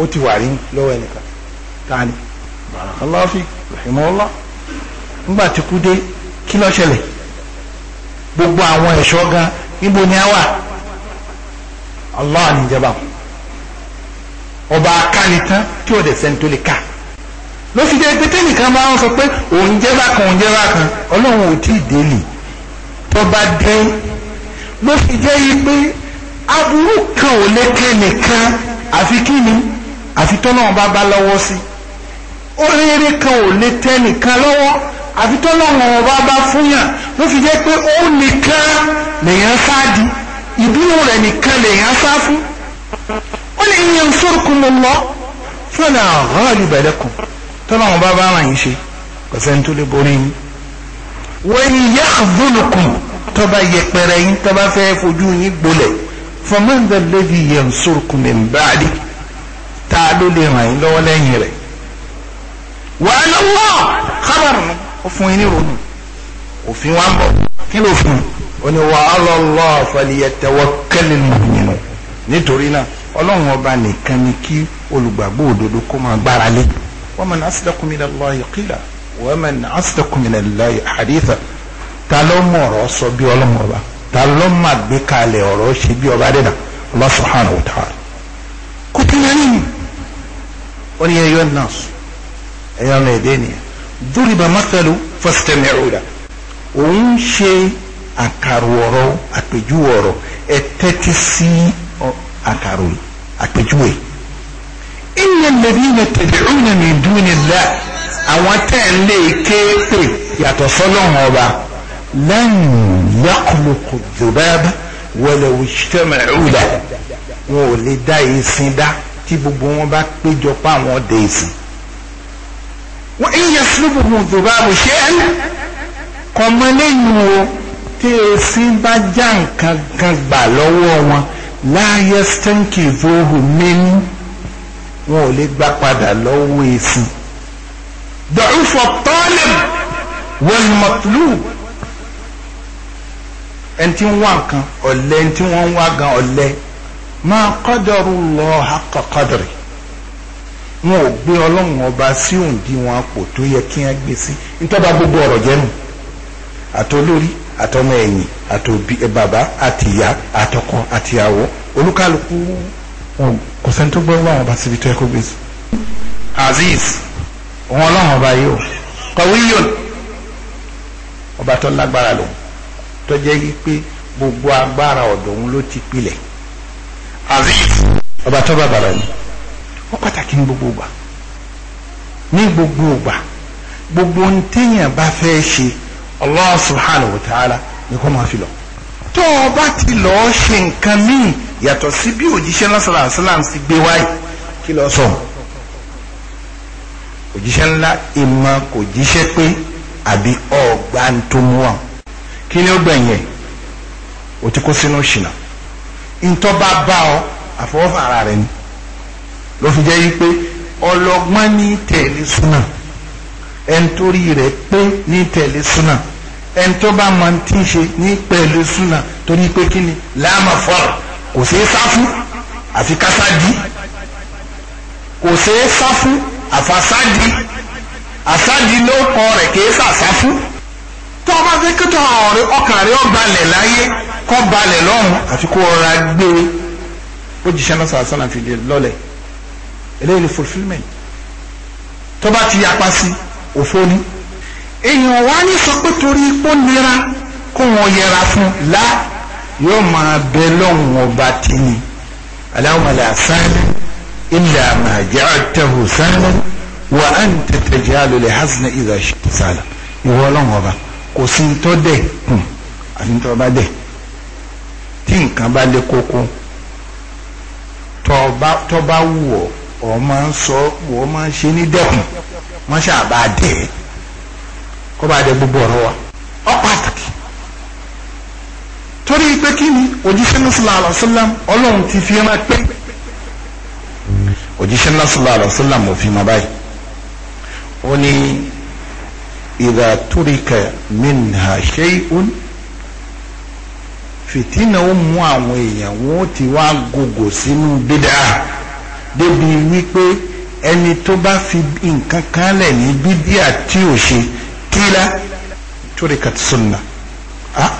ó ti wà rí lọ́wọ́ ẹnìkan ta ni barakallahu fik rahimahullah ńgbà tí kú dé kí ló ṣẹlẹ̀ gbogbo àwọn ẹ̀ṣọ́ gan níbo ni a wà allah níjẹba ọba akánitán tí ò dẹ̀ sẹ́ni tó lè ká ló fi jẹ́ pé tẹ́nìkan máa ń sọ pé òun jẹ́ bákan òun jẹ́ bákan ọlọ́run ò tí ì délé tó bá ló fi jẹ́ yí pé aburú kan ò lè nìkan àfi kí ni àfi tọ́lọ́run bá bá lọ́wọ́ sí i oríire kan ò lè tẹ nìkan lọ́wọ́ àfi tọ́lọ́run ọba bá fúnyàn ló fi jẹ́ pé ó nìkan lèèyàn sáàdì ìbínú rẹ̀ nìkan lèèyàn sá fún ó lè yan sórùkùn mọ́ lọ fúnà ah, ọ̀hán ìbẹ̀lẹ̀kùn tọ́lọ́run ọba bá ràn yín ṣe kò sẹ́ni tó lè borí yín wọ́n yẹ àdúnukùn tọ́ba yẹpẹrẹ yín tọ́ba fẹ́ fojú yín gbolẹ̀ fọmọ́ndà lẹ́bi yan sórùkùn mẹ́mbáàdì tá a ló lè ràn yín lọ́wọ́ lẹ́yìn rẹ̀ wàhálà wọ́ kábàrún nu ó fún yín ní ronú òfin wa ń bọ̀ kí ló fún un ó ní wa ala Allah falyatawakkalil mu'minun nítorí náà ọlọ́run ọba nìkan ni kí olùgbàgbọ́ òdodo kó máa gbára lé wa man asdaqu minallahi qila wa man asdaqu minallahi haditha ta ló mọ ọ̀rọ̀ sọ bí ọlọ́run ọba ta ló má gbé kalẹ̀ ọ̀rọ̀ ṣe bí ọba dẹ́nà Allah subhanahu kò tí ní ẹ̀yà ọmọ èdè nìyẹn dúrìbà mọ́tẹ́lú fọ́sítẹ́mẹ́rúdà òun ṣe àkàrò ọ̀rọ̀ àpèjúwe ọ̀rọ̀ ẹ tẹ́tí sí àkàrò àpèjúwe. ìyẹn lẹ́bí yẹn tẹ̀lé òun ní dúnilá àwọn tẹ́ ń lé kéèpè yàtọ̀ sọ́lọ́hún ọba lẹ́yìn yàkùlùkù dùbẹ́bẹ́ wọlé òṣìṣẹ́mẹ̀rúdà wọn ò lè dá èsìn dá tí gbogbo wọn bá péjọ pa àwọn ọdẹ èsìn wọ́n ń yẹ sílùbùbù dùbàbù ṣé ẹ́ kọ̀mọ́ lẹ́yìn o tí èsì bá já nǹkan kan gbà lọ́wọ́ wọn láàyè stẹ́ǹkì vóhù mímú wọn ò lè gbà padà lọ́wọ́ èsì. dọ̀rúfọ̀ tọ́lẹ̀ wọ́lmọ̀tìlú ẹni tí ń wá nǹkan ọ̀lẹ ẹni tí wọ́n ń wá gan ọ̀lẹ máa kọ́dọ̀rú lọ́ọ́ hakọ̀ wọn ò gbé ọlọ́run ọba sí òǹdí wọn àpò tó yẹ kí wọ́n gbé sí nítọ́ba gbogbo ọ̀rọ̀ jẹ́nu àtolórí àtọmọ ẹ̀yìn àtòbí bàbá àtìyá àtọkọ àtìyàwó olúkálùkù wọn kò sẹ́ni tó gbọ́ ọlọ́run ọba síbi tó yẹ kó gbé sí. azeez òun ọlọ́run ọba yìí o kọ̀wéyòn ọba tó lágbára lòun tó jẹ́ pé gbogbo agbára ọ̀dọ̀ òun ló ti pilẹ̀ azeez ọba tó bàbàrà ni ó pàtàkì ní gbogbo ìgbà ní gbogbo ìgbà gbogbo ohun téèyàn bá fẹ́ ṣe Allah subhanahu wa ta'ala ni kò máa fi lọ. tó o bá ti lọ́ọ́ ṣe nǹkan míì yàtọ̀ sí bí òjíṣẹ́ ńlá sọ̀rọ̀ àṣìláàmù ti gbé wáyé kí lọ sọ òjíṣẹ́ ńlá ìmọ̀ kò jíṣẹ́ pé àbí ọ̀gbà tó mú wa kí ni ó gbẹ̀yìn ẹ̀ o ti kó sínú ṣìnà ntọ́ bá bá ọ àfọwọ́fà ara rẹ ni ló fi jẹ́ yí pé ọlọ́gbọ́n ní tẹ̀lé súnà ẹnitórí rẹ̀ pé ní tẹ̀lé súnà ẹnitó bá máa tí ń ṣe ní pẹ̀lú súnà torí pé kí ni láàmà fọ́ọ̀rọ̀ kò ṣeé sá fún àfi kásádi kò ṣeé sá fún àfàsádi àsádi ló kọ rẹ̀ kìí sàsá fún tó o bá fẹ́ kí tó ọ̀rẹ́ ọkàn rẹ̀ ó balẹ̀ láyé kó balẹ̀ lọ́run àfi kó rọra gbé ó jíṣẹ́ náà sàásánà fìdí lọ́lẹ̀ eléyìí ni fulfilment tó bá ti yapa sí òfò ni èèyàn wá ní sọ pé torí ipò nira kó wọn yẹra fún la yóò máa bẹ lọ́hùn ọba tí ni aláwọ̀lẹ̀ àsáálẹ̀ ilẹ̀ àmàjẹ́ àtẹ̀hù sáálẹ̀ wà á ń tètè jẹ́ àlòlẹ̀ hasanà ìdá sáálẹ̀ ìwọ ọlọ́hùn ọba kò sí ń dẹ̀ kùn àfi ń bá dẹ̀ tí nǹkan bá lé koko tọ́ bá wù ọ́ ọ máa ń sọ ọ máa ń ṣe ní dẹ́kun wọ́n ṣàbá dẹ̀ ẹ́ kó bá dẹ gbogbo ọ̀rọ̀ wa ọ pàtàkì torí pé kí ni òjíṣẹ́ náà sallallahu alaihi wasallam ọlọ́run ti fi ẹran pé òjíṣẹ́ náà sallallahu alaihi wasallam ò báyìí ó ní idha turika minha shay'un fìtínà ó mú àwọn èèyàn wọn ti wá gògò sínú bídà débi wípé ẹni tó bá fi nǹkan kan lẹ̀ ní bídíà tí ò ṣe kíla turikat sunna ah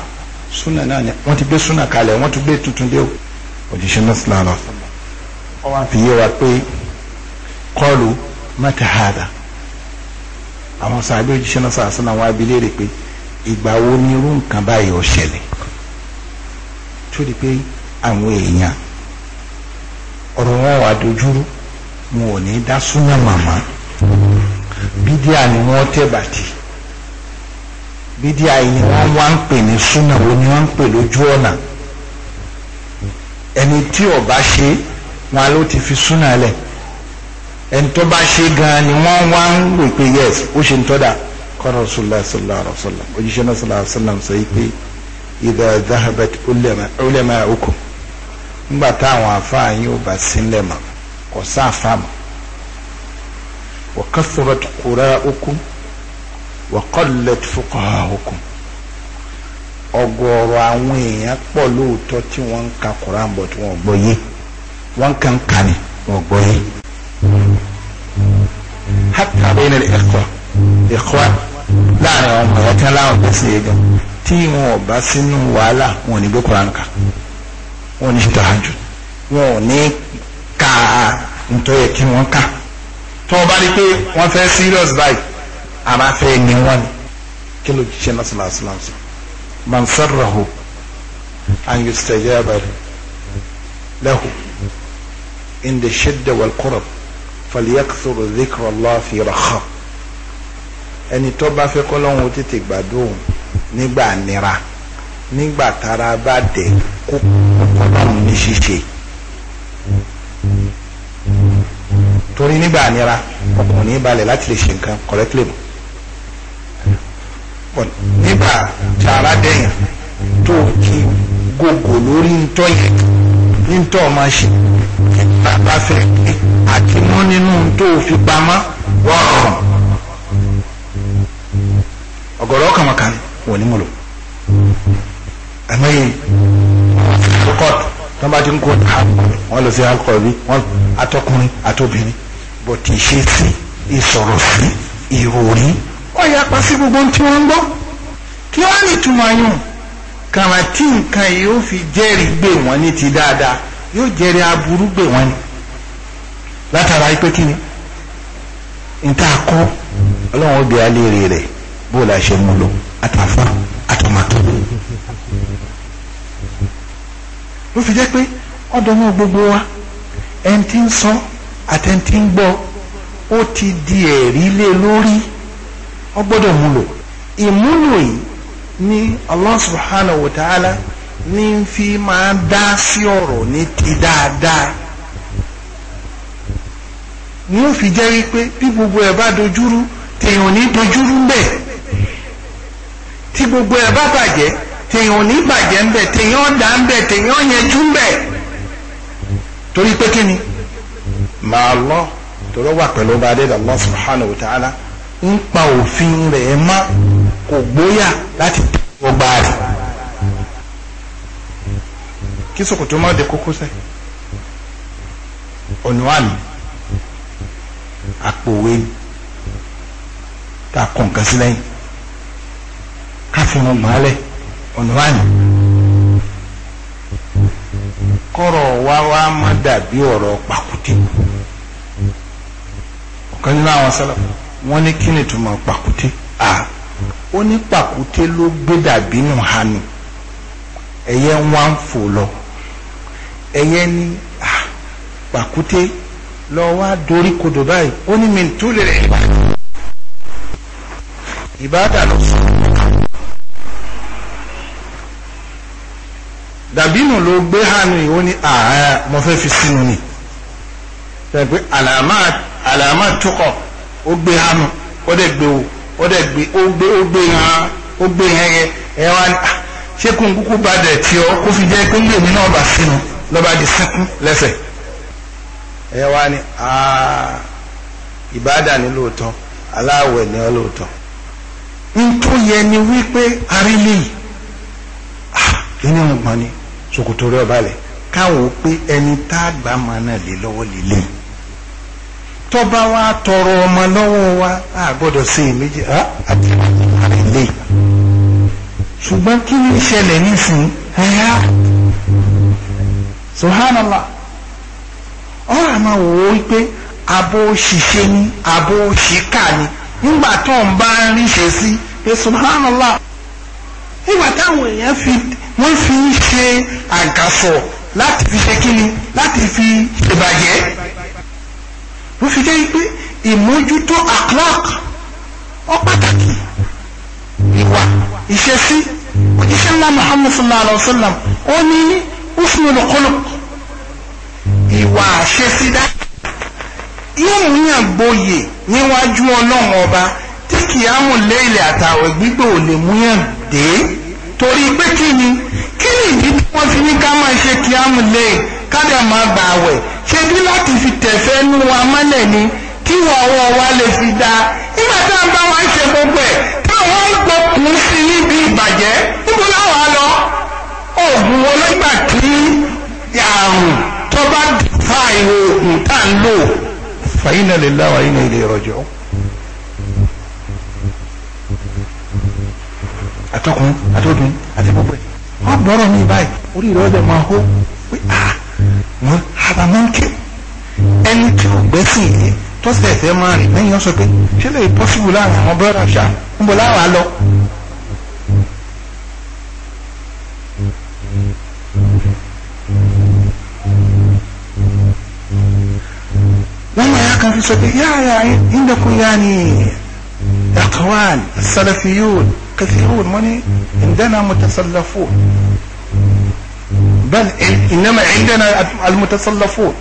sunna náà ni wọ́n ti gbé sunna kalẹ̀ wọ́n ti gbé tuntun dé o òjíṣẹ́ náà sílá lọ ọ wá fi yé wa pé kọlu mata hada àwọn sàbẹ̀ òjíṣẹ́ náà sàásán náà wọ́n á bi léèrè pé ìgbà wo ni irú nǹkan báyìí ó tó di pé àwọn èèyàn ọ̀rọ̀ wọn wà dojúrú wọn ò ní dá súnà màmá bídíà ni wọ́n tẹ̀ bàtì bídíà yìí ni wọ́n wá ń pè ní súnà wo ni wọ́n ń pè lójú ọ̀nà ẹni tí ó bá ṣe wọn ló ti fi súnà lẹ̀ ẹni tó bá ṣe gan ni wọ́n wá ń rò pé yes ó ṣe ń tọ́ da kọ́nà rasulillah sallallahu alayhi wa sallam ojúṣe náà sallallahu alayhi wa sallam sọ yìí pé idha dhahabat ulama ukum nígbà táwọn àfáà yìí ò bá sílẹ̀ mọ́ kò sáfà mọ́ wa kathurat qura'ukum wa qallat fuqaha'ukum ọ̀gọ̀ọ̀rọ̀ àwọn èèyàn pọ̀ lóòótọ́ tí wọ́n ń ka Quran tí wọ́n gbọ́ yé wọ́n kàn kà ní wọ́n gbọ́ yé. hatta bayna al-ikhwa ikhwa láàrin ọmọ ẹ̀ka láwọn bẹ́sẹ̀ yẹn gan tí wọn ò sínú wàhálà wọn ò ní gbé Quran kà wọn ní tahajjud wọn ò ní ka nítorí kí wọ́n kà tó o bá rí i pé wọ́n fẹ́ serious báyìí ara fẹ́ ni wọ́n ni kí ló jíṣẹ́ náà sọ̀rọ̀ àṣìlá sọ man sarrahu an yustajaba lahu inda shidda wal qurab falyakthur dhikra Allah fi raha ẹni tó bá fẹ́ kọ́ lọ́hún ó tètè gbàdúrà nígbà nira nígbà tára bá dẹ̀ kó kọ́lọ́mù ní ṣíṣe torí nígbà ànira ọkùnrin ní balẹ̀ láti lè ṣe nǹkan correctly mọ́ nígbà tára dẹ̀yìn tó kí gògò lórí ntọ́ yẹn ntọ́ máa ṣe bàbá fẹ́ àti mọ́ nínú tó fi pamọ́ wọ́ọ̀rùn ọ̀gọ̀rọ̀ kàmọ́kàn wọ́n ní mọ̀lọ́ àmọ́ yìí kọ́ọ̀tù tó bá ti ń kó wọn lọ sí akọ̀wé wọn atọkùnrin atọbìnrin bó ti ṣe sí ìsọ̀rọ̀ sí ìròrí ó yapa sí gbogbo tí wọ́n ń gbọ́ kí wọ́n ní ìtumọ̀ yùn kàrà tí nǹkan yìí ó fi jẹ́rìí gbé wọn ní ti dáadáa yóò jẹ́rìí aburú gbé wọn ní látara pé kí ni n ta kọ́ ọlọ́run ó gbé alẹ́ rẹ̀ bó la ṣe mú lò àtàfà àtọmọtò ló fi jẹ́ pé ọ̀dọ̀ náà gbogbo wa ẹni tí ń sọ àtẹni tí ń gbọ́ ó ti di ẹ̀rí lé lórí ó múlò ìmúlò yìí ni Allah subhanahu wa ta'ala ní fi máa dá sí ọ̀rọ̀ ní ti dáadáa ni ó fi jẹ́ wípé bí gbogbo ẹ̀ bá dojúrú tèèyàn ní dojúrú bẹ́ẹ̀. tí gbogbo ẹ̀ bá bàjẹ́ tèèyàn ò ní bàjẹ́ ńbẹ̀ tèèyàn ọ̀dà ńbẹ̀ tèèyàn yẹjú ńbẹ̀ torí pé kí ni màá lọ tọrọ wà pẹ̀lú ọba adé Allah subhanahu wa ta'ala ń pa òfin rẹ̀ ẹ̀ má kò gbóyà láti tẹ̀wọ́ gbà rẹ̀ kí sòkòtò má de ọ̀nà àmì ta sí ká fi wọn gbàálẹ̀ ọ̀nà wáyé kọ́rọ̀ wá wá má dàbí ọ̀rọ̀ pàkúté ọ̀kan nínú àwọn sálà wọ́n ní kí ni túmọ̀ pàkúté à ó ní pàkúté ló gbé dàbí nù hànú ẹ̀yẹ ń wá ń fò lọ ẹ̀yẹ ní à pàkúté lọ wá dorí kodò báyìí ó ní mi tó lè rẹ̀ ìbádà lọ sọ̀rọ̀. nù ló gbé hànú yìí ó ní ààrẹ mo fẹ́ fi sínú ni tẹ̀gbẹ́ àlàmà tókọ̀ ó gbé hànú ó dẹ̀ gbé o ó dẹ̀ gbé ó gbé ó gbé hàn ó gbé hẹ́yẹ ẹ wá ní ṣé kó n kúkú dẹ̀ tí ọ kó fi jẹ́ pé náà bá sínú lọ́ba di ni wípé arílẹ̀ yìí ṣòkòtò rẹ̀ ọ̀balẹ̀ káwọn ó pé ẹni tá a gbà máa náà lé lọ́wọ́ lélẹ̀ tọ́ba wa tọrọ ọmọ lọ́wọ́ wa a gbọ́dọ̀ sí i méjì àti àrẹ lé ṣùgbọ́n kí ni ìṣẹ̀lẹ̀ nísìnyí ẹ̀yà subhanallah ọ̀rọ̀ àmà wò ó wípé abo ṣiṣẹ́ ni abo ṣìkà ni nígbà tó ń bá ń ríṣe sí pé subhanallah nígbà táwọn èèyàn fi wọ́n fi ń ṣe àgàfọ̀ láti fi ṣe kíni láti fi ṣèbàjẹ́ ló fi jẹ́ pé ìmójútó àkàlàk ọ pàtàkì ìwà ìṣesí òjíṣẹ́ ńlá muhammad sallallahu alayhi wa sallam ó ní usmul khuluq ìwà àṣesí dá yóò múyàn gboyè níwájú ọlọ́run ọba tí kìí ámú lé ilẹ̀ àtàwẹ̀ gbígbò lè múyàn dé torí pé kí ni kí ni ìdí tí wọ́n fi ní ká máa ṣe kí á mú lè e, kádà máa gbà wẹ̀ ṣe bí láti fi tẹ̀fẹ́ nú wa mọ́lẹ̀ ni kí wọ́n ọwọ́ wa lè fi da nígbà tá à ń bá wa ṣe gbogbo ẹ̀ táwọn ń gbọkùn sí níbi ìbàjẹ́ níbo láwa lọ oògùn wo lọ́gbà tí àrùn tó bá dùn fáìwò oògùn tá à ń lò fàyínà lè láwàá yín ilé ìrọ̀jọ́. àtọkùn àtọdún àti gbogbo ẹ̀ wọ́n gbọ́rọ̀ ní báyìí orí rẹ̀ ọ̀dẹ̀ máa hó pé ah wọ́n ara máa ń ké ẹni tí ò gbẹ́ sí ìyẹn tó sì ẹ̀fẹ́ máa rìn lẹ́yìn ọ̀sọ̀ pé ṣé lè pọ́sibù láàrin àwọn bọ́ọ̀dà ṣá ń bọ̀ láwàá lọ. wọ́n máa yá kan fi sọ pé yáa yáa ń dẹ́kun yáa ni ẹ̀kọ́wàn sálẹ́fì yóò كثيرون وني عندنا متسلفون بل إنما عندنا المتسلفون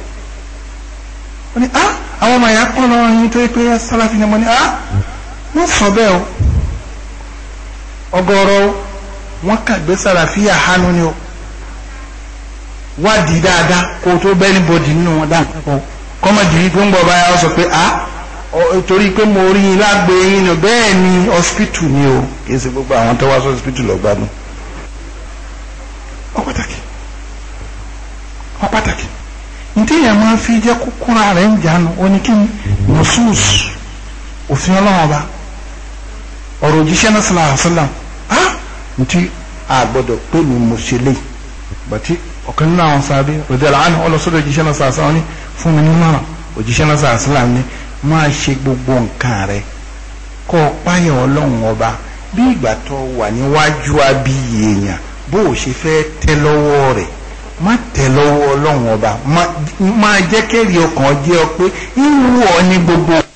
وني آه أو ما يقول أن يتوقع السلفين وني آه نصبه ọgọ́rọ̀ wọn kàgbé sàràfíà hánú ni ó wádìí dáadáa kó tó bẹ́ẹ̀ níbodì nínú wọn dáa kọ́ kọ́mọ̀dì yìí tó ń gbọ́ báyà ó sọ pé ah torí pé mo rí yín lágbe yín ni bẹ́ẹ̀ ni hospital ni o kìí ṣe gbogbo àwọn tó wá sí hospital lọ gbádùn. ó pàtàkì ó pàtàkì máa fi jẹ́ kúkúrà rẹ̀ ń jánu oníkíni nusus òfin ọlọ́run ọba ọ̀rọ̀ òjíṣẹ́ náà sọ̀rọ̀ àṣọlá á ntí àgbọ̀dọ̀ pé mi mo ṣe o bàtí ọ̀kan nínú àwọn sábẹ́ rẹ̀dẹ̀lá àná ọlọ́sọ̀rọ̀ òjíṣẹ́ náà ní fún mi máa ṣe gbogbo nǹkan rẹ kọ́ ọ páyà ọlọ́run ọba bí ìgbà tó wà níwájú abíyì èèyàn bó o ṣe fẹ́ tẹ́ lọ́wọ́ rẹ̀ má tẹ́ lọ́wọ́ ọlọ́run ọba máa jẹ́ kẹ́rì ọkàn jẹ́ ọ pé irú ọ ní gbogbo.